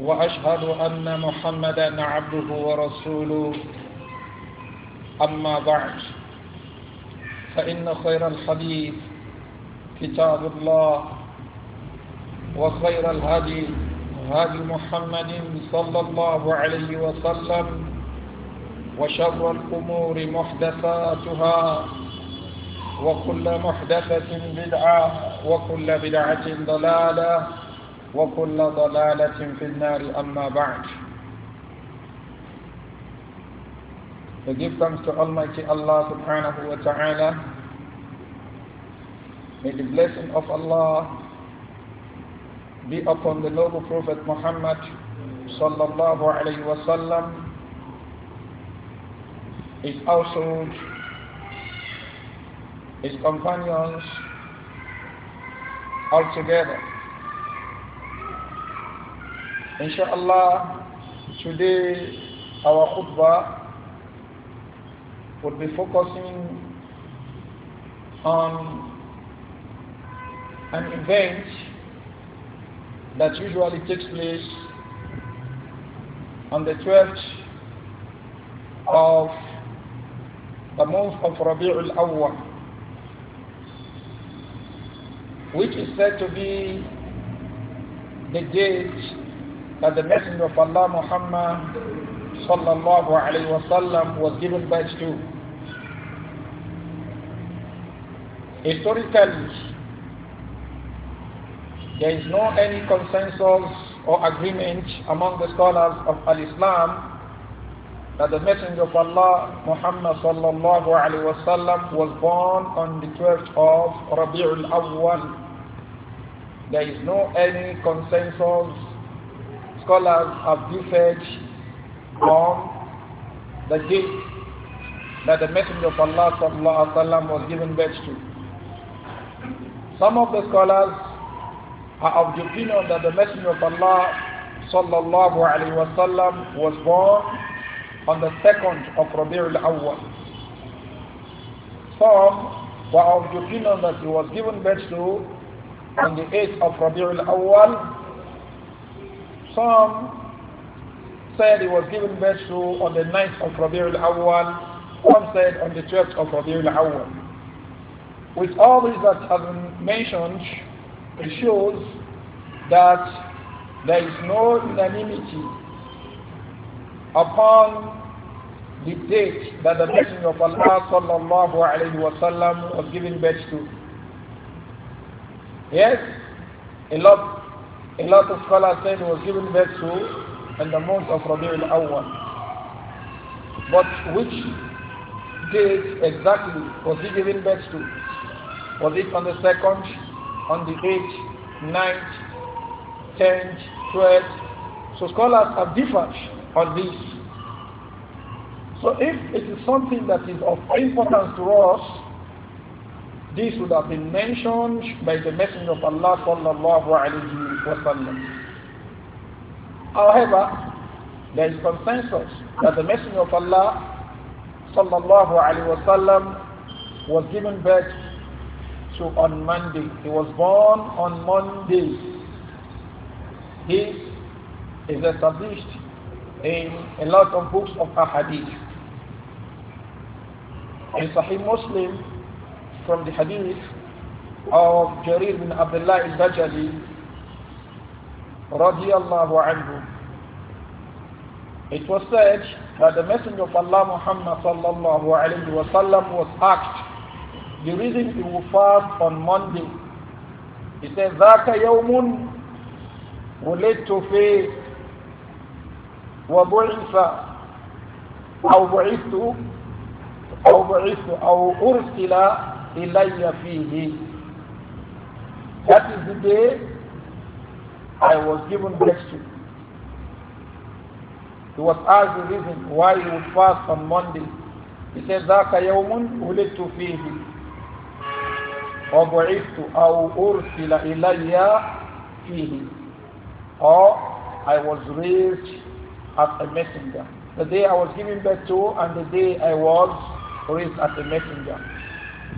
وأشهد أن محمدا عبده ورسوله أما بعد فإن خير الحديث كتاب الله وخير الهدي هدي محمد صلى الله عليه وسلم وشر الأمور محدثاتها وكل محدثة بدعة وكل بدعة ضلالة وكل ضلالة في النار أما بعد We give thanks to Almighty Allah subhanahu wa ta'ala. May the blessing of Allah be upon the noble Prophet Muhammad sallallahu alayhi wa sallam, his household, his companions, altogether. Insha'Allah, today our khutbah will be focusing on an event that usually takes place on the 12th of the month of Rabi'ul Awwal, which is said to be the date that the Messenger of Allah Muhammad sallallahu alayhi wasallam was given birth to. Historically, there is no any consensus or agreement among the scholars of Al-Islam that the Messenger of Allah Muhammad sallallahu alayhi wasallam was born on the 12th of Rabi'ul Awwal. There is no any consensus scholars have differed on the date that the Messenger of Allah sallallahu alaihi was given birth to. Some of the scholars are of the opinion that the Messenger of Allah sallallahu alaihi wasallam was born on the second of Rabi'ul Awwal. Some were of the opinion that he was given birth to on the 8th of Rabi'ul Awwal some said he was given birth to on the 9th of Rabi'ul Awwal, some said on the 12th of Rabi'ul Awwal. With all these that have been mentioned, it shows that there is no unanimity upon the date that the Messenger of Allah sallallahu alayhi wa sallam was given birth to. Yes, a lot a lot of scholars say it was given birth to in the month of Rabi'ul Awwal. But which date exactly was he given birth to? Was it on the 2nd, on the 8th, 9th, 10th, 12th? So scholars have differed on this. So if it is something that is of importance to us, this would have been mentioned by the Messenger of Allah sallallahu alayhi wasallam. However, there is consensus that the Messenger of Allah sallallahu alaihi wasallam was given birth to on Monday. He was born on Monday. He is established in a lot of books of ahadith. In Sahih Muslim, from the hadith of Jarir bin Abdullah al-Bajali, Radiyallahu anhu. It was said that the Messenger of Allah Muhammad sallallahu alaihi wasallam was asked the reason he will fast on Monday. He said, ذاك يوم ولدت فيه وبعث أو بعثت أو or أو أرسل إلي فيه. That is the day I was given next to. He was asked the reason why he would fast on Monday. He said, ذَاكَ يَوْمٌ وُلِدْتُ فِيهِ وَبُعِثْتُ أَوْ أُرْسِلَ إِلَيَّ فِيهِ Or, I was raised as a messenger. The day I was given birth to and the day I was raised as a messenger.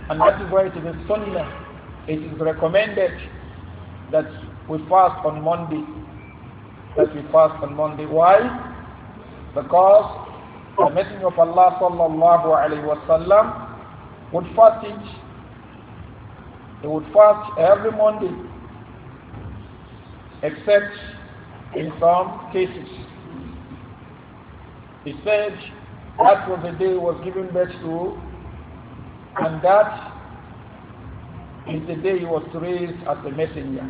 And that is why it is sunnah. It is recommended that we fast on Monday. That we fast on Monday. Why? Because the Messenger of Allah sallallahu alayhi wasallam would fast each. He would fast every Monday, except in some cases. He said that was the day he was given birth to, and that is the day he was raised as a messenger.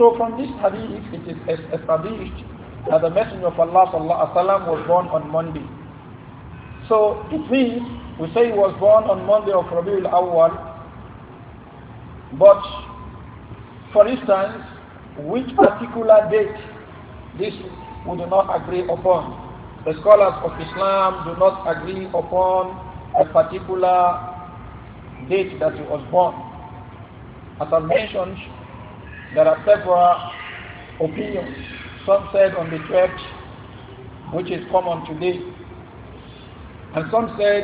So from this hadith, it is established that the Messenger of Allah sallallahu was born on Monday. So it means we say he was born on Monday of Rabiul Awwal, but for instance, which particular date this we do not agree upon. The scholars of Islam do not agree upon a particular date that he was born. As I mentioned, there are several opinions. Some said on the 12th, which is common today. And some said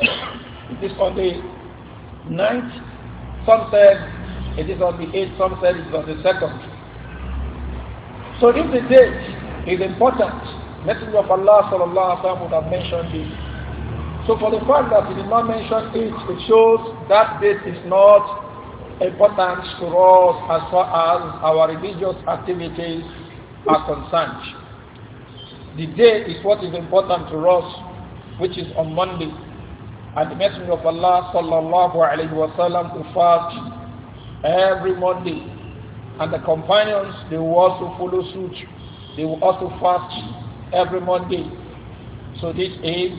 it is on the 9th. Some said it is on the 8th. Some said it is on the 2nd. So if the date is important, Messenger of Allah sallallahu alaihi would have mentioned it. So for the fact that he did not mention it, it shows that date is not importance to us as far as our religious activities are concerned. The day is what is important to us, which is on Monday. And the Messenger of Allah sallallahu alayhi wa sallam to fast every Monday. And the companions, they will also follow suit. They will also fast every Monday. So this is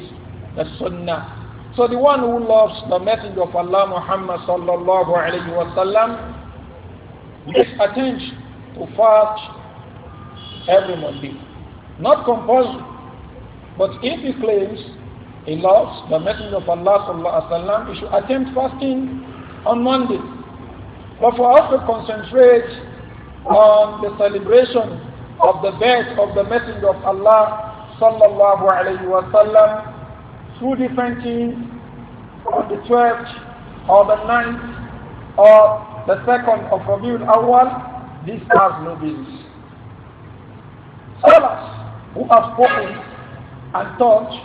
the sunnah so the one who loves the Messenger of Allah Muhammad sallallahu alayhi wasallam makes attention to fast every Monday. Not compulsory, but if he claims he loves the Messenger of Allah sallallahu alayhi wasallam, he should attempt fasting on Monday. But for us to concentrate on the celebration of the birth of the Messenger of Allah sallallahu alayhi wasallam, two different teams on the 12th or the 9th or the 2nd of Rabiul Awal, this has no basis. Scholars who have spoken and touched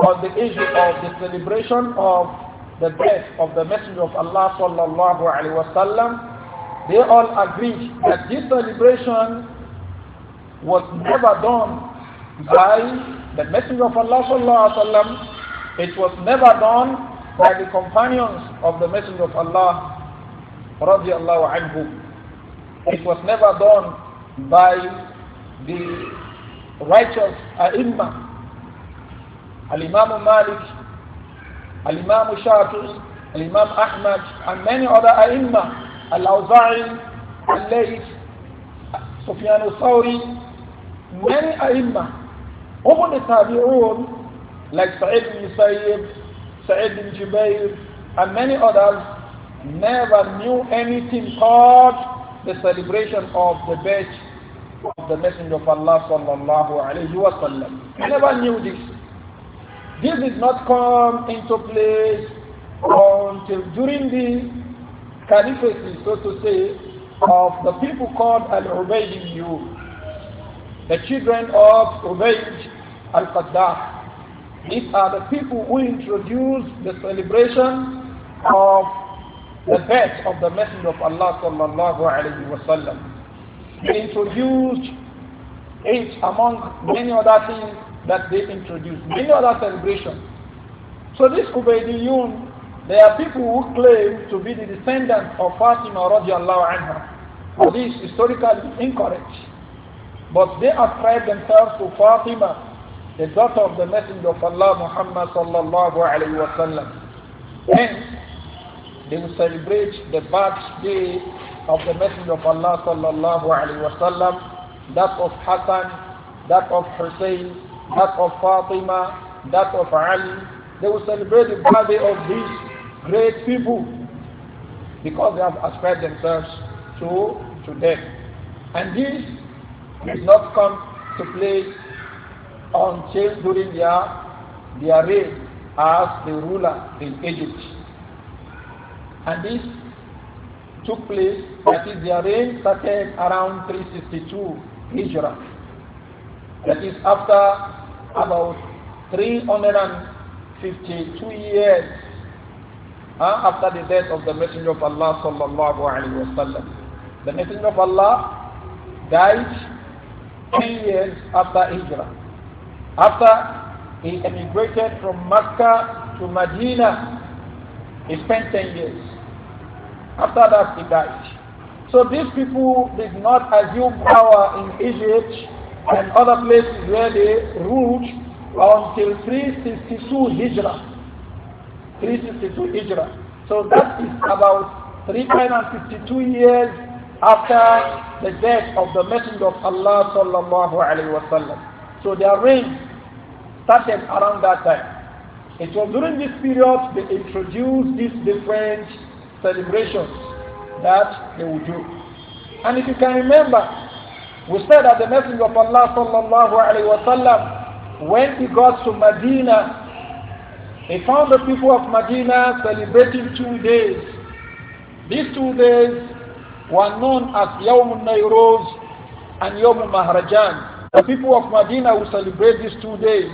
on the issue of the celebration of the death of the Messenger of Allah sallallahu alaihi wasallam, they all agreed that this celebration was never done by the Messenger of Allah sallallahu alaihi wasallam it was never done by the companions of the Messenger of Allah radiallahu anhu. It was never done by the righteous ai Al-Imam Malik, Al-Imam Shafi'i, Al-Imam Ahmad, and many other ai Al-Awza'i, Al-Layth, Sufyan al-Thawri, many ai Even the Tabi'un like Sa'id bin Musayyib, Sa'id bin Jubayr, and many others, never knew anything about the celebration of the birth of the Messenger of Allah sallallahu alayhi wa sallam. never knew this. This did not come into place until during the caliphacy, so to say, of the people called Al-Ubaydiyyu, the children of Ubayd al-Qaddaf. These are the people who introduced the celebration of the birth of the Messenger of Allah sallallahu alayhi wasallam. They introduced it among many other things that they introduced, many other celebrations. So this Ubaidiyun, they are people who claim to be the descendants of Fatima radiallahu anha. This is historically incorrect. But they ascribe themselves to Fatima the daughter of the Messenger of Allah Muhammad sallallahu alayhi wa sallam. Hence, they will celebrate the birthday of the Messenger of Allah sallallahu alayhi wa sallam, that of Hassan, that of Hussein, that of Fatima, that of Ali. They will celebrate the birthday of these great people because they have ascribed themselves to, to them. And this does not come to place until during their, their reign as the ruler in Egypt. And this took place, that is, their reign started around 362 Hijrah. That is, after about 352 years uh, after the death of the Messenger of Allah sallallahu alaihi wasallam. The Messenger of Allah died 10 years after Hijrah. After he emigrated from Mecca to Medina, he spent 10 years. After that, he died. So these people did not assume power in Egypt and other places where they ruled until 362 Hijrah. 362 Hijrah. So that is about 352 years after the death of the Messenger of Allah sallallahu alaihi wasallam. So their reign started around that time. It was during this period they introduced these different celebrations that they would do. And if you can remember, we said that the Messenger of Allah sallallahu alaihi wasallam, when he got to Medina, he found the people of Medina celebrating two days. These two days were known as Yawm Nairoz and Yawm Mahrajan. The people of Medina will celebrate these two days.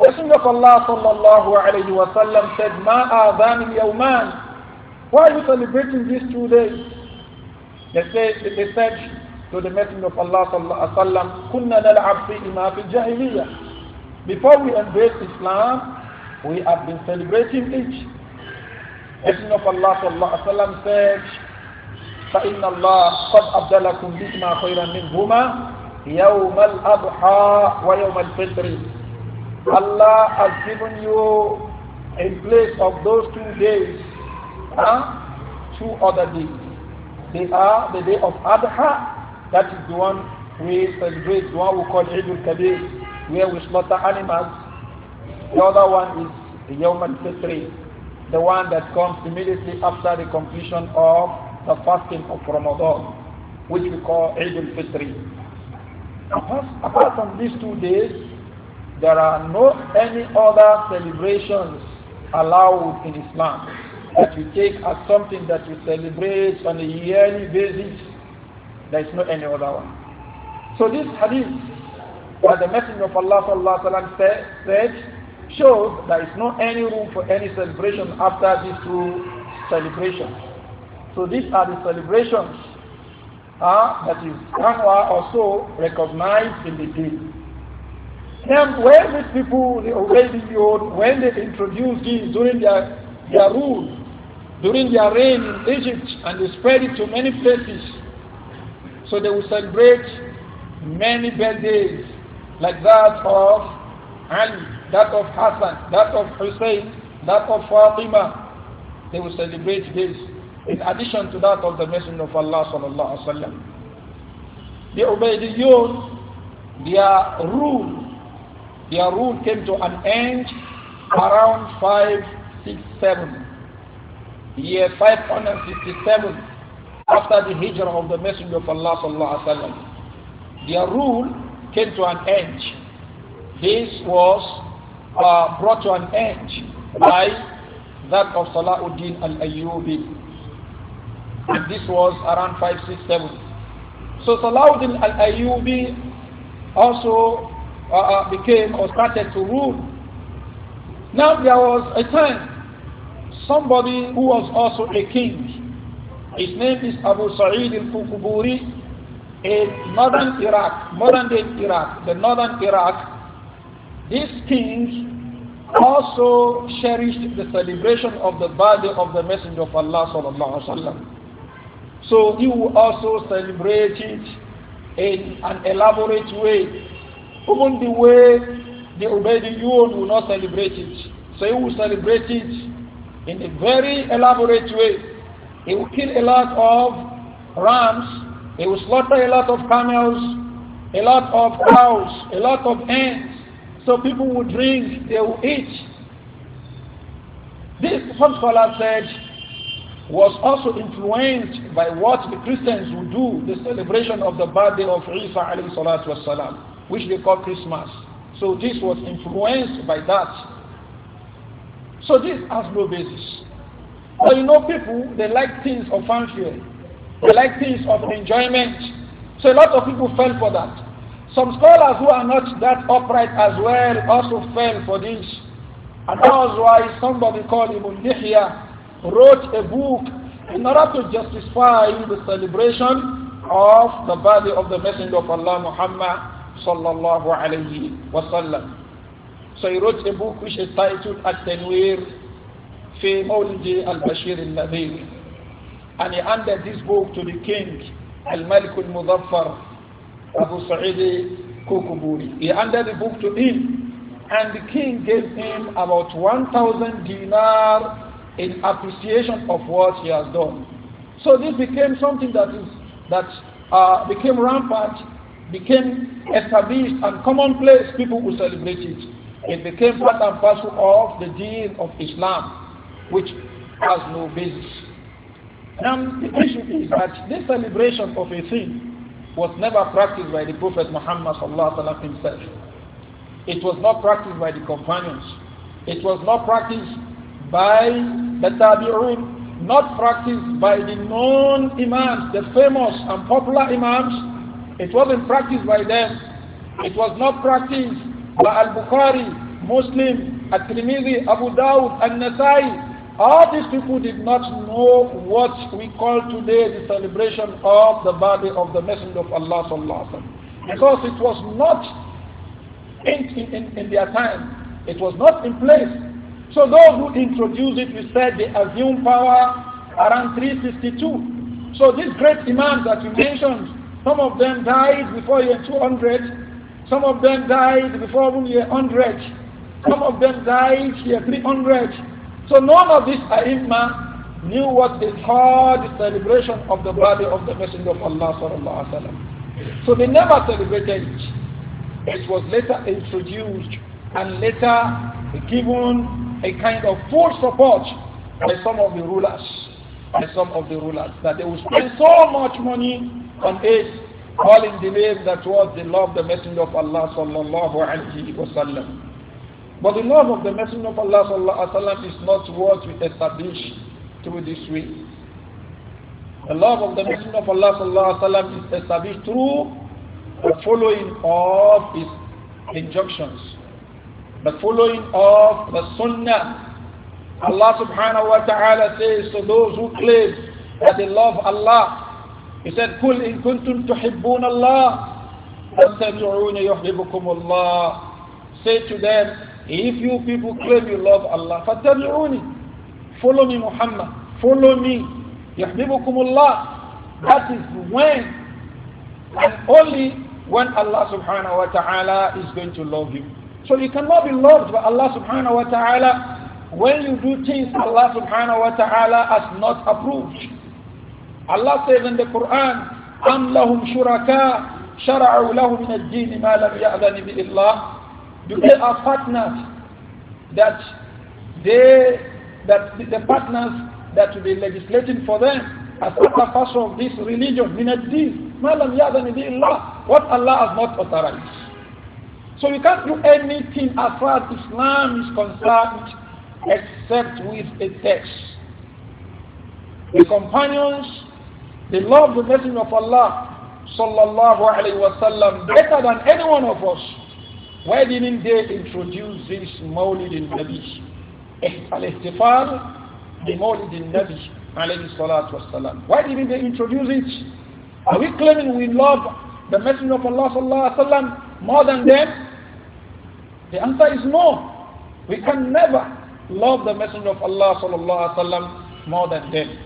Messenger of Allah sallallahu alayhi wa sallam said, Ma adhan yawman. Why are you celebrating these two days? They, say, they said to the Messenger of Allah sallallahu alayhi wa sallam, Kunna Before we embraced Islam, we have been celebrating each. Messenger of Allah sallallahu alayhi wa sallam said, فإن الله قد أبدلكم بهما خيرا منهما يوم الأضحى ويوم الفطر Allah has given you in place of those two days huh? two other days they are the day of Adha that is the one we celebrate the one we call Eid al-Kabir where we slaughter animals the other one is the Yawm al-Fitr the one that comes immediately after the completion of the fasting of Ramadan which we call Eid al-Fitr Apart from these two days, there are no any other celebrations allowed in Islam that we take as something that we celebrate on a yearly basis. There is no any other one. So this hadith, where the Messenger of Allah sallallahu said, shows there is no any room for any celebration after these two celebrations. So these are the celebrations uh, that is one also recognized in the deen. Then when these people, the Ubaydiyun, when they introduced this during their, their rule, during their reign in Egypt, and they spread it to many places, so they will celebrate many birthdays like that of Ali, that of Hassan, that of Hussein, that of Fatima. They will celebrate this in addition to that of the Messenger of Allah sallallahu alaihi wasallam. The Ubaidiyun, their rule, their rule came to an end around 567, year 567 after the hijrah of the Messenger of Allah sallallahu alaihi wasallam. Their rule came to an end. This was uh, brought to an end by that of Salahuddin al-Ayyubi and this was around 567. So Salahuddin al-Ayyubi also uh, uh, became or started to rule. Now there was a time somebody who was also a king. His name is Abu Sa'id al-Kukuburi in northern Iraq, modern day Iraq, the northern Iraq. This king also cherished the celebration of the birthday of the Messenger of Allah sallallahu alaihi wasallam. So he will also celebrate it in an elaborate way. Even the way the Ubaidiyun will not celebrate it. So he will celebrate it in a very elaborate way. He will kill a lot of rams, he will slaughter a lot of camels, a lot of cows, a lot of ants. So people will drink, they will eat. This, some scholars said, was also influenced by what the Christians would do, the celebration of the birthday of Isa alayhi salatu wasalam, which they call Christmas. So this was influenced by that. So this has no basis. But you know people, they like things of fanfare. They like things of enjoyment. So a lot of people fell for that. Some scholars who are not that upright as well also fell for this. And that was why somebody called Ibn Yahya wrote a book in order to justify the celebration of the birthday of the Messenger of Allah Muhammad sallallahu alayhi wasallam. So he wrote a book which is titled At-Tanwir fi Mawlidi al-Bashir al-Nadir. And he handed this book to the king, Al-Malik al-Muzaffar, Abu Sa'id Kukuburi. He handed the book to him and the king gave him about 1,000 dinar in appreciation of what he has done. So this became something that is that uh, became rampant, became established and commonplace. People would celebrate it. It became part and parcel of the deed of Islam, which has no basis. And the issue is that this celebration of a thing was never practiced by the Prophet Muhammad himself. It was not practiced by the companions. It was not practiced by the Tabi'un, not practiced by the known Imams, the famous and popular Imams. It wasn't practiced by them. It was not practiced by Al-Bukhari, Muslim, At-Tirmidhi, Abu Dawud, and nasai All these people did not know what we call today the celebration of the body of the Messenger of Allah sallallahu because it was not in, in, in their time. It was not in place so those who introduced it, we said they assumed power around 362. So these great imams that you mentioned, some of them died before year 200, some of them died before year 100, some of them died year 300. So none of these Aima knew what is hard celebration of the body of the Messenger of Allah sallallahu alaihi wasallam. So they never celebrated it. It was later introduced and later given a kind of full support by some of the rulers, by some of the rulers, that they will spend so much money on aid, calling the name that was the love of the Messenger of Allah sallallahu alaihi wasallam. But the love of the Messenger of Allah sallallahu alaihi wasallam is not what we establish through this way. The love of the Messenger of Allah sallallahu alaihi wasallam is established through the following of his injunctions the following of the Sunnah. Allah subhanahu wa ta'ala says to those who claim that they love Allah, He said, قُلْ إِن كُنْتُمْ تُحِبُّونَ اللَّهِ فَاتَّبِعُونَ Allah." Say to them, if you people claim you love Allah, فَاتَّبِعُونِ Follow me Muhammad, follow me, يُحْبِبُكُمُ اللَّهِ That is when and only when Allah subhanahu wa ta'ala is going to love you. So you cannot be loved by Allah subhanahu wa ta'ala when you do things Allah subhanahu wa ta'ala has not approved. Allah says in the Quran, أَمْ لَهُمْ شُرَكَاءَ شَرَعُوا لَهُمْ مِنَ الدِّينِ مَا لَمْ يَأْذَنِ بِهِ اللَّهِ Do they are partners that they that the partners that will be legislating for them as a person of this religion, min ad-din, ma lam ya'zan bi Allah, what Allah has not authorized. So we can't do anything as far as Islam is concerned except with a text. The companions, they love the message of Allah sallallahu alayhi wasallam better than any one of us. Why didn't they introduce this Mawlid al-Nabi? Eh, Al-Ihtifal, the Mawlid al-Nabi alayhi salatu wasallam. Why didn't they introduce it? Are we claiming we love the Messenger of Allah sallallahu alaihi wasallam more than them? The answer is no. We can never love the Messenger of Allah sallallahu alaihi wasallam more than them.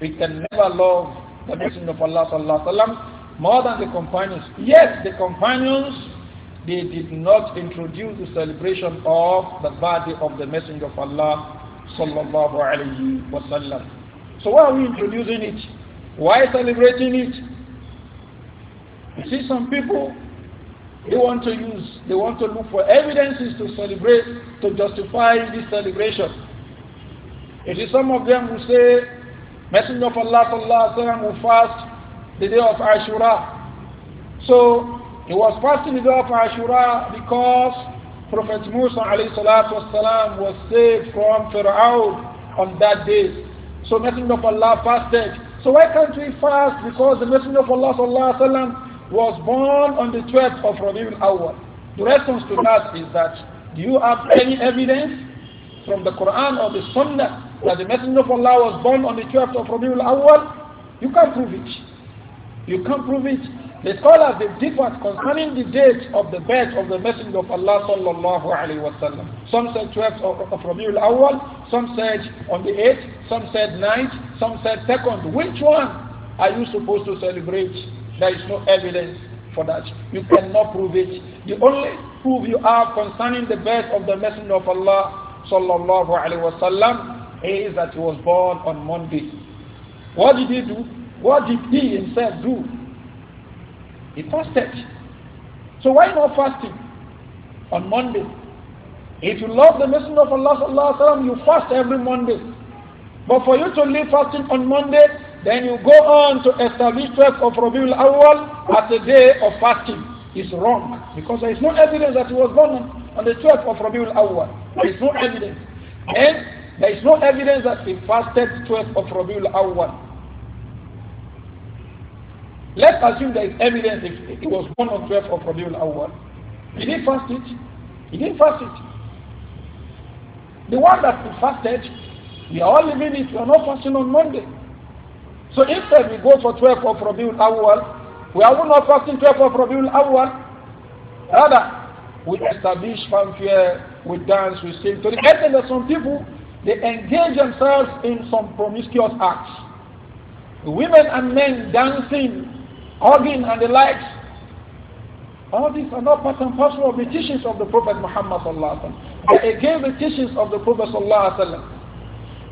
We can never love the Messenger of Allah sallallahu alaihi wasallam more than the companions. Yes, the companions they did not introduce the celebration of the birthday of the Messenger of Allah sallallahu alaihi wasallam. So why are we introducing it? Why celebrating it? You see some people, they want to use, they want to look for evidences to celebrate, to justify this celebration. You see some of them will say, Messenger of Allah sallallahu alayhi wa will fast the day of Ashura. So, he was fasting the day of Ashura because Prophet Musa alayhi salatu wasalam was saved from Pharaoh on that day. So Messenger of Allah fasted. So why can't we fast? Because the Messenger of Allah sallallahu alayhi wa sallam was born on the 12th of Rabiul The response to that is that do you have any evidence from the Quran or the Sunnah that the Messenger of Allah was born on the 12th of Rabiul You can't prove it. You can't prove it. The scholars they differed concerning the date of the birth of the Messenger of Allah sallallahu alaihi wasallam. Some said 12th of, of Rabiul some said on the 8th, some said 9th, some said 2nd. Which one are you supposed to celebrate? There is no evidence for that. You cannot prove it. The only proof you have concerning the birth of the Messenger of Allah sallallahu alaihi wasallam is that he was born on Monday. What did he do? What did he himself do? He fasted. So why not fasting on Monday? If you love the Messenger of Allah sallallahu alaihi wasallam, you fast every Monday. But for you to leave fasting on Monday, then you go on to establish 12 of Rabiul Awal as a day of fasting. It's wrong because there is no evidence that he was born on the 12th of Rabiul Awal. There is no evidence. And there is no evidence that he fasted 12th of Rabiul Awal. Let's assume there is evidence if he was born on 12th of Rabiul Awal. He didn't fast it. He didn't fast it. The one that he fasted, we are all living it. We are not fasting on Monday. So instead we go for 12 of Rabiul Awwal, we are not fasting 12 of Rabiul Awwal. Rather, we establish fanfare, we dance, we sing. To the extent that some people, they engage themselves in some promiscuous acts. Women and men dancing, hugging and the likes. All these are not part and parcel of the teachings of the Prophet Muhammad sallallahu alaihi wasallam. Against the teachings of the Prophet sallallahu alaihi wasallam.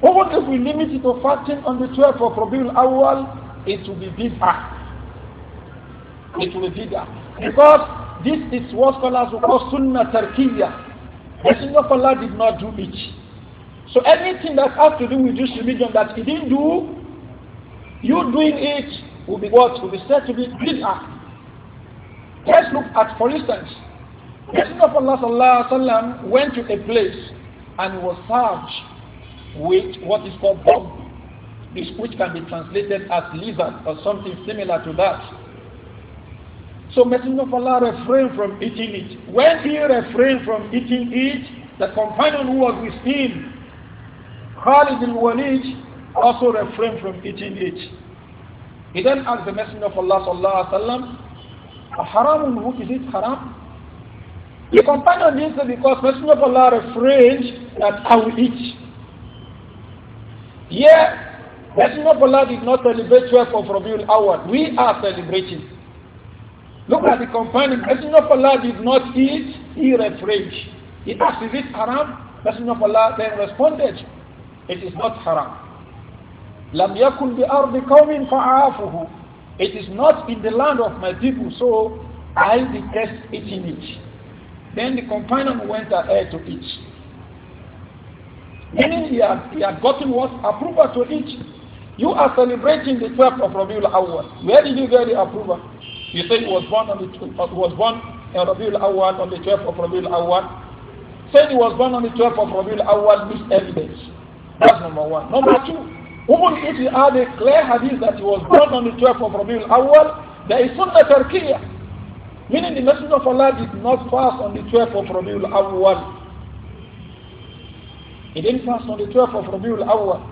But what if we limit it to fasting on the 12th of Rabiul Awal? It will be bid'ah. It will be bid'ah. Because this is what scholars will call sunnah tarkiyah. Messenger of Allah did not do it. So anything that has to do with this religion that he didn't do, you doing it will be what? Will be said to be bid'ah. Let's look at, for instance, Messenger of Allah went to a place and was served which what is called dog, which, which can be translated as lizard or something similar to that. So Messenger of Allah refrained from eating it. When he refrained from eating it, the companion who was with him, Khalid al-Walid, also refrained from eating it. He then asked the Messenger of Allah sallallahu alaihi wasallam, "Haram is it haram?" The companion did say because Messenger of Allah refrained that I will eat. Yeah, Messenger of Allah did not celebrate 12 of Rabiul Awal. We are celebrating. Look at the companion. Messenger of Allah did not eat, he refrained. He asked, is it haram? Messenger of then responded, it is not haram. لم يكن بأرض قوم فعافه It is not in the land of my people, so I detest eating it. Then the companion went ahead to eat. Meaning he had, he had gotten what? Approval to each. You are celebrating the 12th of Rabiul Awwal. Where did you get the approval? You say he was born on the uh, was born in Rabiul Awwal on the 12th of Rabiul Awwal. Saying he was born on the 12th of Rabiul Awwal is evidence. That's number one. Number two, even if you had a clear hadith that he was born on the 12th of Rabiul Awwal, there is sunnah tarkiyah. Meaning the Messenger of Allah did not pass on the 12th of Rabiul Awwal. It infants on the 12th of Rabiul Awwal.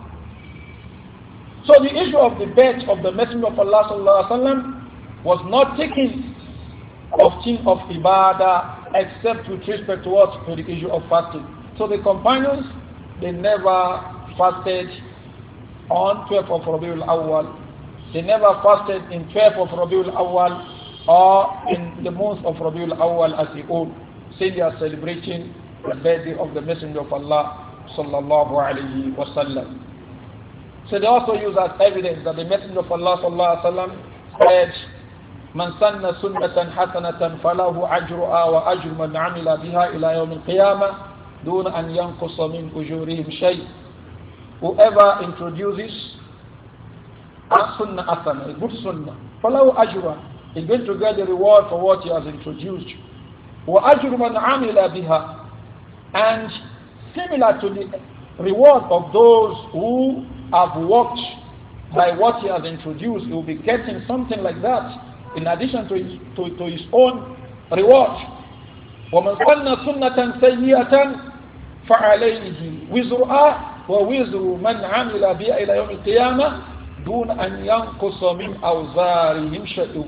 So the issue of the birth of the Messenger of Allah sallallahu alaihi wasallam was not taken of thing of ibadah except with respect to to the issue of fasting. So the companions they never fasted on 12th of Rabiul Awwal. They never fasted in 12th of Rabiul Awwal or in the month of Rabiul Awwal as a whole, say they are celebrating the birthday of the Messenger of Allah sallallahu alayhi wa sallam. So they also use as evidence that the Messenger of Allah sallallahu alayhi wa sallam said, من سن سنة حسنة فله أجرها وأجر من عمل بها إلى يوم القيامة دون أن ينقص من أجورهم شيء. Whoever introduces a sunnah asana, a good sunnah, فله أجرها he's going to get the reward for what he has introduced. وَأَجْرُ مَنْ عَمِلَ بِهَا And similar to the reward of those who have worked by what he has introduced. He will be getting something like that in addition to his, to, to his own reward. ومن سن سنة سيئة فعليه وزرها ووزر من عمل بها إلى يوم القيامة دون أن ينقص من أوزارهم شيء.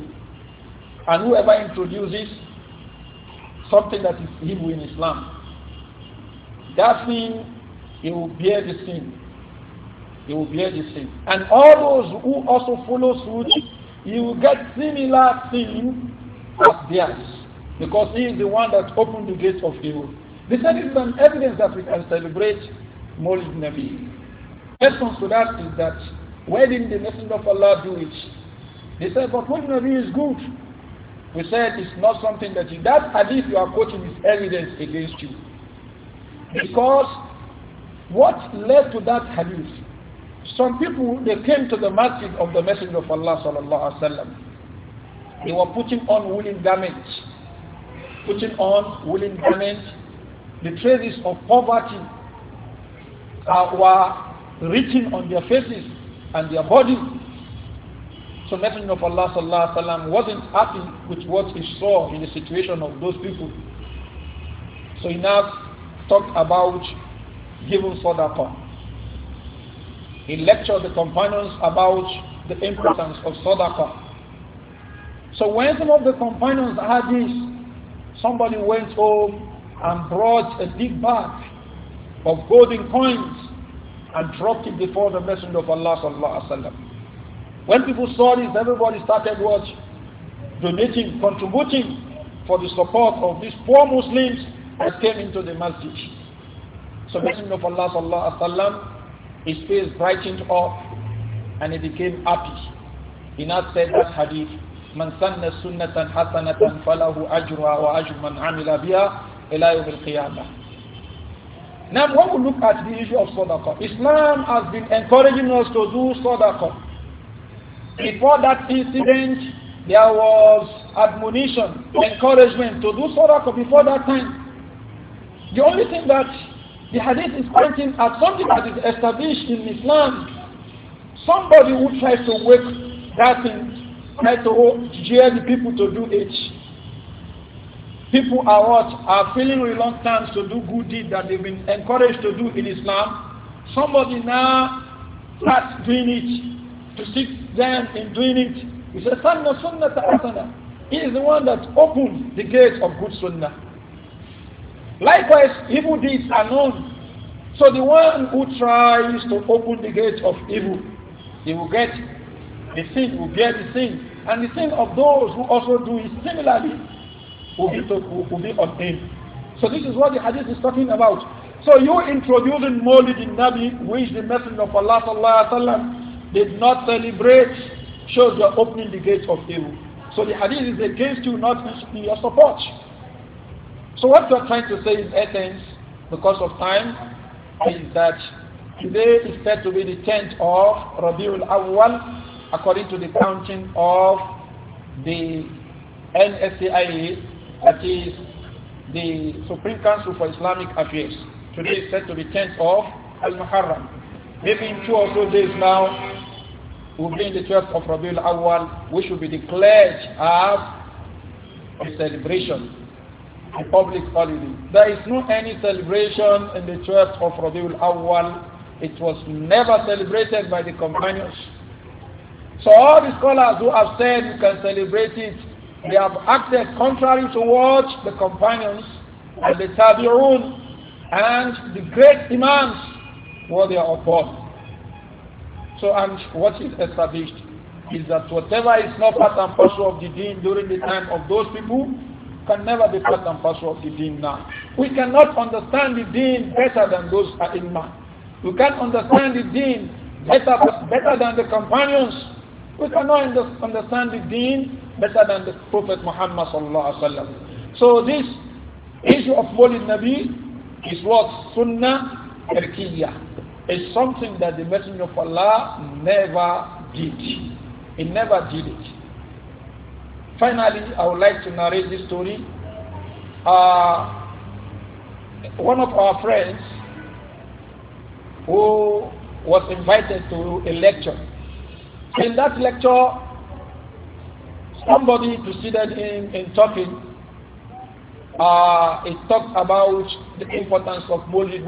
And whoever introduces something that is evil in Islam, that mean he will bear the sin. He will bear the sin. And all those who also follow suit, he will get similar sin as theirs. Because he is the one that opened the gates of evil. This is an evidence that we can celebrate Maulid Nabi. Response to that is that where did the Messenger of Allah do it? They said, but Maulid Nabi is good. We said it's not something that you, that hadith you are quoting is evidence against you. Because what led to that hadith? Some people, they came to the masjid of the Messenger of Allah sallallahu alaihi wasallam. They were putting on woolen garments. Putting on woolen garments. The traces of poverty uh, were written on their faces and their bodies. So Messenger of Allah sallallahu alaihi wasallam wasn't happy with what he saw in the situation of those people. So he now talked about giving sadaqah. He lectured the companions about the importance of sadaqah. So when some of the companions had this, somebody went home and brought a big bag of golden coins and dropped it before the Messenger of Allah sallallahu alaihi wasallam. When people saw this, everybody started what? Donating, contributing for the support of these poor Muslims I came into the masjid. So Messenger of Allah sallallahu Wa wasallam, his face brightened up and he became happy. He now said that hadith, من سن سنة حسنة فله أجر وأجر من عمل بها إلى يوم القيامة. Now when we look at the issue of sadaqah, Islam has been encouraging us to do sadaqah. Before that incident, there was admonition, encouragement to do sadaqah before that time. The only thing that the hadith is pointing at something that is established in Islam. Somebody who tries to wake that thing, try to jeer the people to do it. People are what? Are feeling reluctant to do good deeds that they've been encouraged to do in Islam. Somebody now starts doing it, to seek them in doing it. He says, Sunnah Sunnah It is the one that opens the gates of good Sunnah. Likewise, evil deeds are known. So the one who tries to open the gate of evil, he will get the sin, will bear the sin. And the sin of those who also do it similarly will be, to, will be on him. So this is what the hadith is talking about. So you introducing Mawlid in Nabi, which the Messenger of Allah sallallahu sallam, did not celebrate, shows you opening the gates of evil. So the hadith is against you, not in your support. So what we are trying to say is Athens, because of time, is that today is said to be the 10th of Rabiul Awwal, according to the counting of the NSCIA, that is the Supreme Council for Islamic Affairs. Today is said to be 10th of Al-Muharram. Maybe in two or three days now, we'll be in the 12th of Rabiul Awwal, which will be declared as a celebration a public holiday. There is no any celebration in the 12th of Rabiul Awwal. It was never celebrated by the companions. So all the scholars who have said you can celebrate it, they have acted contrary towards the companions and the tabi'un and the great imams were they are upon. So and what is established is that whatever is not part and parcel of the deen during the time of those people can never be part and parcel of the deen now. We cannot understand the deen better than those A'immah. We can't understand the deen better, better than the companions. We cannot understand the deen better than the Prophet Muhammad sallallahu alaihi wasallam. So this issue of Maulid Nabi is what Sunnah Erkiyah. It's something that the Messenger of Allah never did. He never did it. Finally, I would like to narrate this story. Uh, one of our friends who was invited to a lecture. In that lecture, somebody preceded him in talking. Uh, talked about the importance of Maulid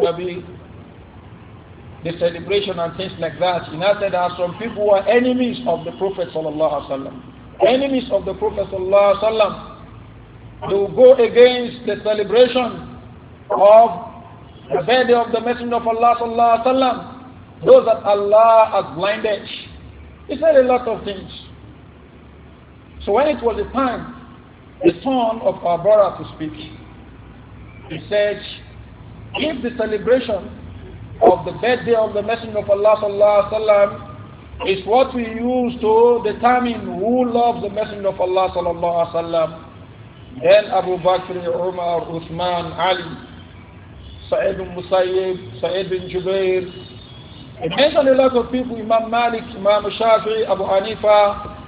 the celebration and things like that. He I said there are some people who are enemies of the Prophet sallallahu alaihi wasallam enemies of the Prophet sallam, to will go against the celebration of the birthday of the Messenger of Allah sallallahu sallam, those that Allah has blinded. He said a lot of things. So when it was the time, the son of our brother to speak, he said, if the celebration of the birthday of the Messenger of Allah sallallahu sallam is what we use to determine who loves the Messenger of Allah sallallahu alaihi wasallam. Then Abu Bakr, Umar, Uthman, Ali, Sa'id bin Musayyib, Sa'id bin Jubair. It mentioned a lot of people, Imam Malik, Imam Shafi'i, Abu Hanifa,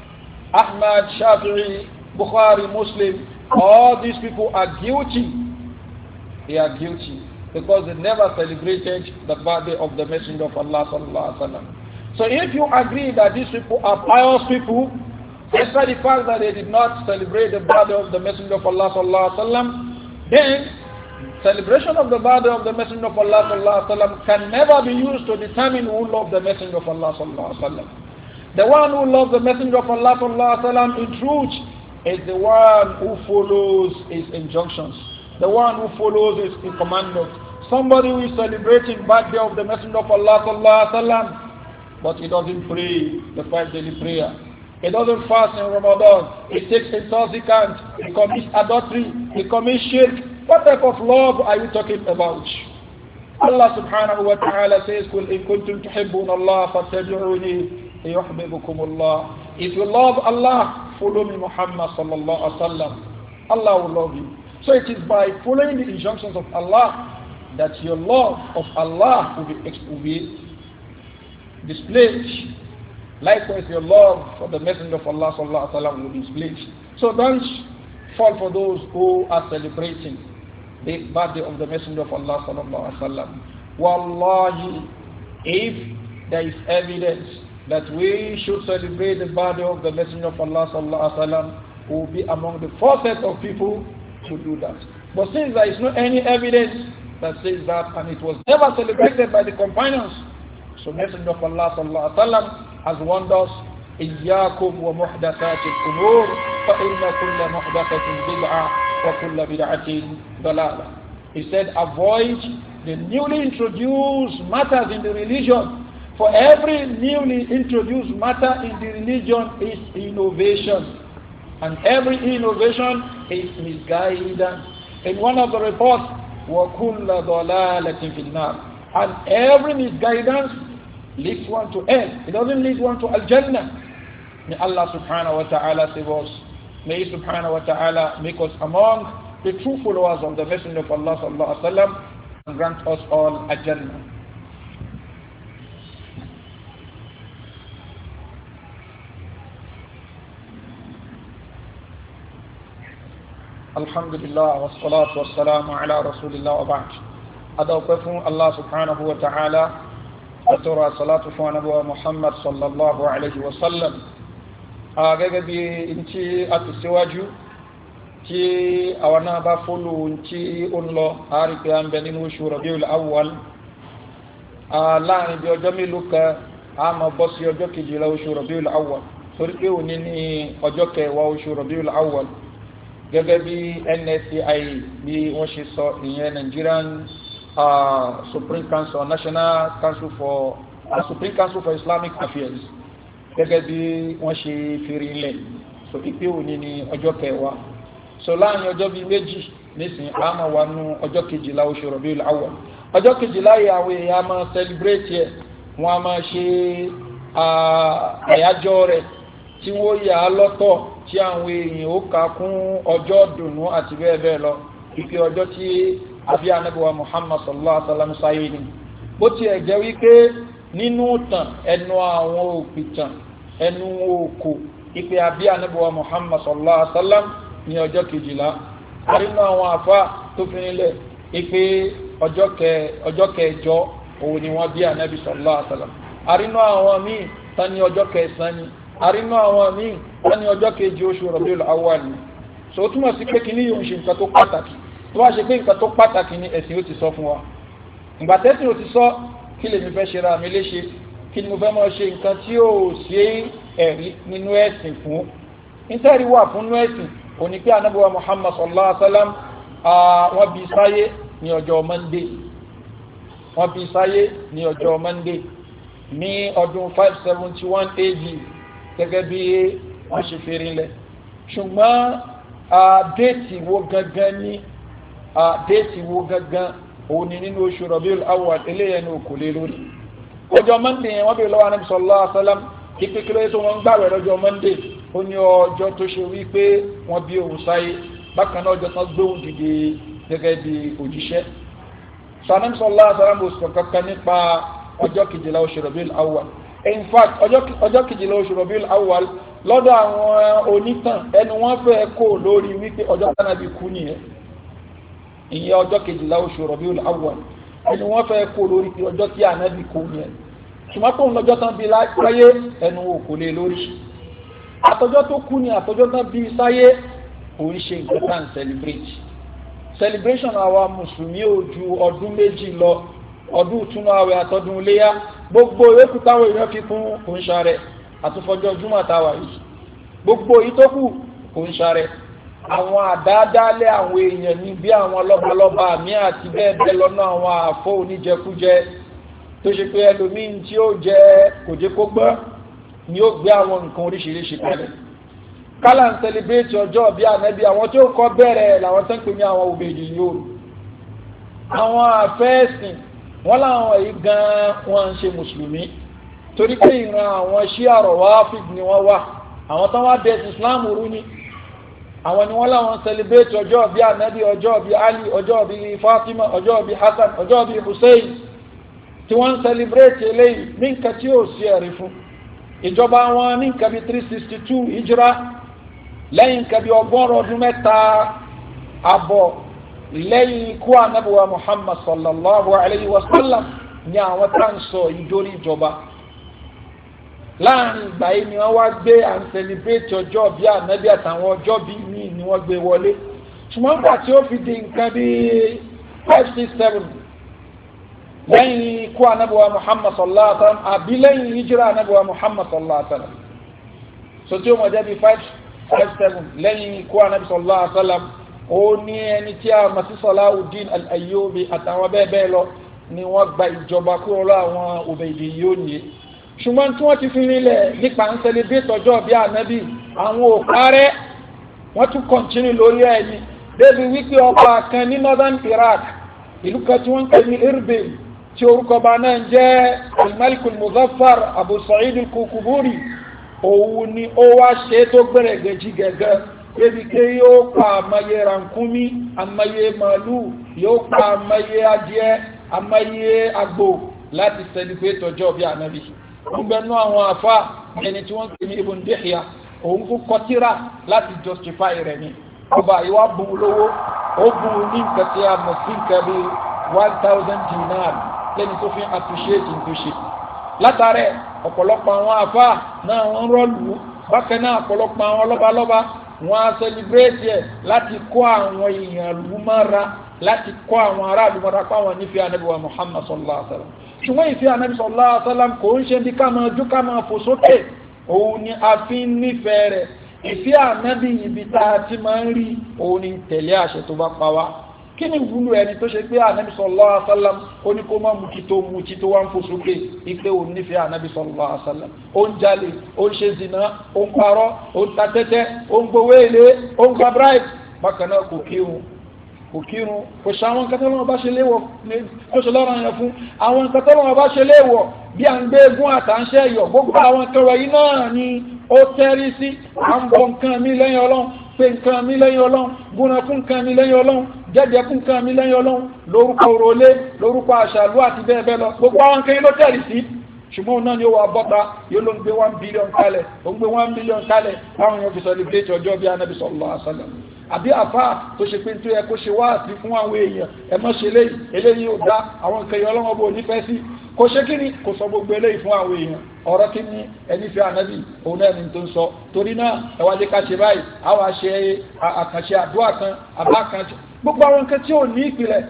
Ahmad, Shafi'i, Bukhari, Muslim. All these people are guilty. They are guilty because they never celebrated the birthday of the Messenger of Allah sallallahu alaihi wasallam. So if you agree that these people are pious people, despite the fact that they did not celebrate the birthday of the Messenger of Allah sallallahu alaihi wasallam, then celebration of the birthday of the Messenger of Allah sallallahu alaihi wasallam can never be used to determine who loved the Messenger of Allah sallallahu alaihi wasallam. The one who loves the Messenger of Allah sallallahu alaihi wasallam in truth is the one who follows his injunctions, the one who follows his commandments. Somebody who is celebrating birthday of the Messenger of Allah sallallahu alaihi wasallam but he doesn't pray the five daily prayer. He doesn't fast in Ramadan. He takes intoxicants. He commits adultery. He commits shirk. What type of love are you talking about? Allah subhanahu wa ta'ala says, قُلْ كُنْتُمْ تُحِبُّونَ اللَّهَ فَاتَّبِعُونِي يُحْبِبُكُمُ اللَّهُ If you love Allah, follow me Muhammad sallallahu alaihi wasallam. Allah will love you. So it is by following the injunctions of Allah that your love of Allah will be, will be displayed. Likewise, your love for the Messenger of Allah sallallahu alaihi wasallam will be displayed. So don't fall for those who are celebrating the birthday of the Messenger of Allah sallallahu alaihi wasallam. Wallahi, if there is evidence that we should celebrate the birthday of the Messenger of Allah sallallahu alaihi wasallam, we will be among the first set of people to do that. But since there is no any evidence that says that, and it was never celebrated by the companions, so Messenger of Allah sallallahu has warned us إياكم ومحدثات الأمور فإن كل محدثة بدعة وكل بدعة ضلالة. He said avoid the newly introduced matters in the religion. For every newly introduced matter in the religion is innovation. And every innovation is misguidance. In one of the reports, وَكُلَّ ضَلَالَةٍ فِي النَّارِ and every misguidance leads one to hell. It doesn't lead one to Al-Jannah. May Allah subhanahu wa ta'ala save us. May He subhanahu wa ta'ala make us among the true followers of the Messenger of Allah sallallahu alaihi wasallam and grant us all al Jannah. الحمد لله والصلاة والسلام على رسول الله وبعد adáwọ̀pẹ́ fún allah subhanahu wa ta'ala àtọ́rọ̀ àsàlátù fún anábọ̀ muhammad sallallahu alayhi wa sallam gẹ́gẹ́ bí n tí a ti síwájú tí àwọn náà bá fólù tí ó ń lọ àárí pé a ń bẹ nínú oṣù rabiul awwal láàrin bí ọjọ́ mélòó kan a máa bọ́ sí ọjọ́ kejìlá oṣù rabiul awwal torí pé òní ní ọjọ́ kẹwàá oṣù rabiul awwal gẹ́gẹ́ bí nsci bí wọ́n ṣe sọ ìyẹn nigerian uh, Supreme Council National Council for uh, Supreme Council for Islamic Affairs gẹ́gẹ́ bí wọ́n ṣe fèrè ilẹ̀ so ìpè òní ni ọjọ́ kẹwàá so láàrin ọjọ́ bíi méjì nísìnyí àmọ́ wa nú ọjọ́ kejìlá oṣù Rabiul Awwal ọjọ́ kejìlá yìí àwọn èèyàn a máa celebrate yẹ wọ́n a máa ṣe àyájọ́ rẹ̀ tí wọ́n yà á lọ́tọ̀ tí àwọn èèyàn ó kà kún ọjọ́ dùnú àti bẹ́ẹ̀ bẹ́ẹ̀ lọ ìpè ọjọ́ tí àbí anábíwá muhammad sallallahu alaihi wa sallam sáyé ni bó tiẹ̀ jẹ́ wípé nínú tàn ẹnu àwọn òpìtàn ẹnu òkò ìpè àbí anábíwá muhammad sallallahu alaihi wa sallam ní ọjọ́ kejìlá nínú àwọn àfa tó fi nílẹ̀ ìpè ọjọ́ kẹjọ òun ni wọ́n bí anábí sallallahu alaihi wa sallam àrínú àwọn míì tán ní ọjọ́ kẹsàn-án ni àrínú àwọn míì tán ní ọjọ́ kejì oṣù Rabiul Awwal ni so túmọ̀ sí pé kí ní yóò ṣe nǹkan tó pàtàkì tó bá ṣe pé nǹkan tó pàtàkì ni ẹ̀sìn ó ti sọ fún wa ìgbà tẹ́sìn ó ti sọ kí lèmi fẹ́ ṣe ra mi léṣe kí ni mo fẹ́ máa ṣe nǹkan tí ó ṣe ẹ̀rí nínú ẹ̀sìn fún nítorí wà fún nínú ẹ̀sìn òní pé anábọ̀wá Muhammad sallallahu alayhi wa sallam wọ́n bí sáyé ní ọjọ́ mọ́ndé wọ́n bí sáyé ní ọjọ́ mọ́ndé ní ọdún five seventy one AD gẹ́gẹ́ bí wọ́n ṣe fi rinlẹ̀ ṣùgbọ́n déètì wo gangan ni déètì wo gangan òun ni nínú oṣù Rabiul Awwal eléyẹn ní òkò lé lórí ọjọ́ mọ́ndé yẹn wọ́n bèèrè lọ́wọ́ Ànábì sallallahu alaihi wasallam kíkẹ́ kí lóye tó wọ́n ń gbàwẹ̀ lọ́jọ́ mọ́ndé ó ní ọjọ́ tó ṣe wípé wọ́n bí òun sáyé bákan náà ọjọ́ tán gbóhùn dìde gẹ́gẹ́ bí òjíṣẹ́ sanamu sallallahu alaihi wasallam sọ kankan nípa ọjọ́ kejìlá oṣù Rabiul Awwal in fact ọjọ́ kejìlá oṣù Rabiul Awwal lọ́dọ̀ àwọn onítàn ẹnu wọ́n fẹ́ kó lórí wípé ọjọ́ tánàbí kú nìyẹn ìyẹn ọjọ́ kejìlá oṣù Rabiul Awwal ẹni wọ́n fẹ́ kó lórí pé ọjọ́ tí ànábì kó yẹn ṣùgbọ́n tóun lọ́jọ́ tán bí láyé ẹnu òkò lé lórí àtọjọ́ tó kú ni àtọjọ́ tán bí sáyé kò ń ṣe nǹkan tá à ń celebrate celebration àwa mùsùlùmí ò ju ọdún méjì lọ ọdún ìtúnú àwẹ̀ àtọdún iléyà gbogbo ìwékù táwọn èèyàn fi kún kò ń ṣàrẹ̀ àtúfọjọ́ júmọ̀ táwa yìí gbogbo ìtókù kò ń ṣàrẹ̀ àwọn àdáadáalẹ̀ àwọn èèyàn ní bí àwọn lọ́balọ́ba àmì àti bẹ́ẹ̀ bẹ́ẹ̀ lọ́nà àwọn àfọ́ oníjẹkújẹ tó ṣe pé ẹlòmíín tí ó jẹ kò ni ó gbé àwọn nǹkan oríṣiríṣi kalẹ̀ kálá ń sẹlẹ̀bírẹ́tì ọjọ́ bí ànábì àwọn tó kọ́ bẹ̀rẹ̀ làwọn tó ń pè ní àwọn òbèjì yóò àwọn àfẹ́ẹ̀sìn wọ́n láwọn yìí gan-an wọ́n ń ṣe mùsùlùmí torí pé ìran àwọn ṣí àrọ̀wá áfíìkì ni wọ́n wà àwọn tó wá dẹ̀ sí islam rú ni àwọn ni wọ́n láwọn celebrate ọjọ́ bí anabi ọjọ́ bí ali ọjọ́ bí fatima ọjọ́ bí hasan ọjọ́ bí hussein tí wọ́n ń eléyìí ní tí yóò sí ẹ̀rí fún ìjọba wọn ní nǹkan three sixty two hijra lẹ́yìn nǹkan bí ọgọ́rùn ọdún mẹ́ta àbọ̀ lẹ́yìn ikú anabiwa muhammad sallallahu alayhi wa sallam ní àwọn tá à sọ ìjórí ìjọba láàrin ìgbà yìí ni wọ́n wá gbé and celebrate ọjọ́ bíi ànábì àtàwọn ọjọ́ bíi míì ni wọ́n gbé wọlé ṣùgbọ́n gbà tí ó fi di nǹkan bíi five six seven lẹ́yìn ikú anábìwá Muhammad sallallahu alayhi wa sallam àbí lẹ́yìn hijira anábìwá Muhammad sallallahu alayhi wa sallam so tí ó mọ̀ jẹ́ bíi five five seven lẹ́yìn ikú anábì sallallahu alayhi wa sallam ó ní ẹni tí a mọ̀ sí Salawuddin al-Ayyubi àtàwọn bẹ́ẹ̀ bẹ́ẹ̀ lọ ni wọ́n gba ìjọba kúrò lọ́wọ́ àwọn Ubaydiyun ṣùgbọ́n tí wọ́n ti fi rinlẹ̀ nípa ń celebrate ọjọ́ bí ànábì àwọn ò parẹ́ wọ́n tún kọ̀ntínú lórí ẹ̀yìn débi wípé ọba kan ní northern Iraq ìlú kan tí wọ́n ń pè ní Irbil tí orúkọ bá náà ń jẹ́ almalikul muzaffar Abu Sa'id al-Kukuburi òun ni ó wá ṣe tó gbẹ̀rẹ̀ gẹ̀jì gẹ̀gẹ́ débi pé yóò pa àmọye rankumi àmọye màálù yóò pa àmọye adìẹ àmọye àgbò láti celebrate ọjọ́ bí ànábì gbẹnu àwọn afa ẹni tí wọ́n ti ní ibùn dèhìá òun kò kọtíra láti justify rẹ̀ ni ọba ìwà bùn lówó ó bùn ní nǹkan tí a one thousand dinar lẹ́ni tó fi appreciate nǹkan ṣe látàrẹ ọ̀pọ̀lọpọ̀ àwọn afa náà wọ́n rọ́ọ̀lù bákan náà ọ̀pọ̀lọpọ̀ àwọn lọ́balọ́ba wọ́n á sẹlibireti ẹ láti kó àwọn èèyàn lùmọ́ra láti kó àwọn aráàlú mọ́ra pé àwọn nífẹ̀ẹ́ anábìwá Muhammad sallallahu alaihi wa sallam ṣùgbọ́n ìfẹ́ anabi sallallahu alaihi wasallam kò ń ṣe bí ká máa jú ká máa fò sókè òun ni a fi ń nífẹ̀ẹ́ rẹ̀ ìfẹ́ anabi ibi tá a ti máa ń rí òun ni tẹ̀lé àṣẹ tó bá pa wá kí ni wúlò ẹni tó ṣe pé anabi sallallahu alaihi wasallam ó ní kó má mutí tó mutí tó wá ń fò sókè ipe òun nífẹ̀ẹ́ anabi sallallahu ó ń jalè ó ń ṣe zina ó ń parọ́ ó ń ta ó ń gbowó èlé ó ń gba kò kírun kò ṣe àwọn nǹkan tọ́lọ́wọ́ bá ṣe léwọ̀ kò ṣe lọ́rọ̀ yẹn fún àwọn nǹkan tọ́lọ́wọ́ bá ṣe léwọ̀ bí à ń gbé egun àtàǹṣẹ́ yọ̀ gbogbo àwọn nǹkan wọ̀nyí náà ni ó tẹ́rí sí à ń bọ nǹkan mi lẹ́yìn ọlọ́run pé nǹkan mi lẹ́yìn ọlọ́run gúnra fún nǹkan mi lẹ́yìn ọlọ́run jẹ́jẹ́ fún nǹkan mi lẹ́yìn ọlọ́run lórúkọ òròlé lórúkọ àṣàlú àti bẹ́ẹ̀ bẹ́ẹ̀ lọ gbogbo àwọn nǹkan ló tẹ́rí sí ṣùgbọ́n náà ni ó wà bọ́ta yóò ló ń gbé one billion kalẹ̀ ó ń gbé one million kalẹ̀ báwọn yóò fi celebrate ọjọ́ bí anabi sallallahu alaihi wasallam àbí àfa tó ṣe pé tó yẹ kó ṣe wá àti fún àwọn èèyàn ẹ mọ́ ṣe eléyìí eléyìí ò dá àwọn nǹkan yẹn ọlọ́wọ́ bò nífẹ̀ẹ́ sí kò ṣe kí ni kò sọ gbogbo eléyìí fún àwọn èèyàn ọ̀rọ̀ kí ni ẹni fi ànábì òun náà ni tó ń sọ torí náà ẹ wá lè ká ṣe báyìí àwọn àṣẹ àkànṣe àdúrà kan àbá kan gbogbo àwọn nǹkan tí ò ní ìpìlẹ̀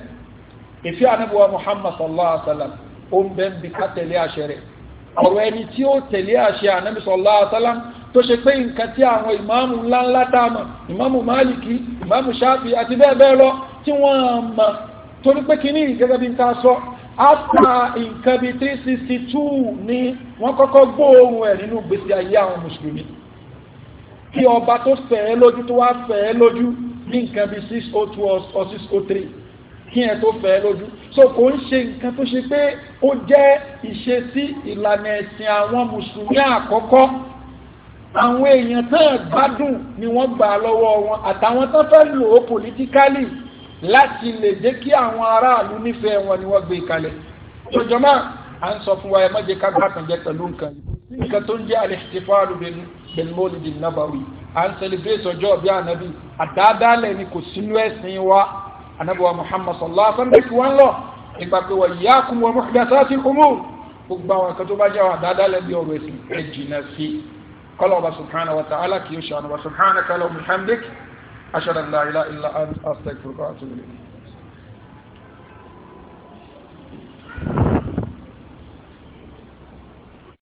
ìfẹ́ ànábì wa Muhammad sallallahu alaihi wa sallam ó ń bẹ́ẹ̀ bí ká tẹ̀lé àṣẹ rẹ̀ ọ̀rọ̀ ẹni tí ó tẹ̀lé àṣẹ ànábì sallallahu alaihi wasallam tó ṣe pé nǹkan tí àwọn ìmáàmù ńláńlá dáàmà ìmáàmù máàlìkì ìmáàmù ṣáàfì àti bẹ́ẹ̀ bẹ́ẹ̀ lọ tí wọ́n mọ̀ torí pé kínní gẹ́gẹ́ bí nǹkan sọ ápá nǹkan bíi three sixty two ni wọ́n kọ́kọ́ gbóòórùn ẹ̀ nínú gbèsè ayé àwọn mùsùlùmí kí ọba tó fẹ̀ẹ́ lójú tó wá fẹ̀ẹ́ lójú ní nǹkan bíi six oh or six oh kí ẹ tó fẹ́ lójú so kò ń ṣe nǹkan tó ṣe pé ó jẹ́ ìṣesí ìlànà ẹ̀sìn àwọn mùsùlùmí àkọ́kọ́ àwọn èèyàn tán gbádùn ni wọ́n gbà lọ́wọ́ wọn àtàwọn tán fẹ́ lò ó pòlítíkálì láti lè jẹ́ kí àwọn aráàlú nífẹ̀ẹ́ wọn ni wọ́n gbé kalẹ̀ jọjọ máa à ń sọ fún wa ẹ má jẹ́ ká gbàtàn jẹ pẹ̀lú nǹkan yìí nǹkan tó ń jẹ́ al-ihtifalu bil mawlid an-nabawi à ń celebrate ọjọ́ bí ànábì anabiwa muhammad sallallahu alaihi wa sallam fi wọn lọ nípa pé wọ́n yá kún wọn muhdathati al-umur gbogbo àwọn kan tó bá jẹ́ àwọn àdáadáa lẹ́bi ọ̀rọ̀ ẹ̀sìn ẹ̀ jìnnà sí kọ́lọ̀ ọba subhanahu wa ta'ala kì wa ta'ala muhammed ashhadu an la ilaha illa anta astaghfiruka wa atubu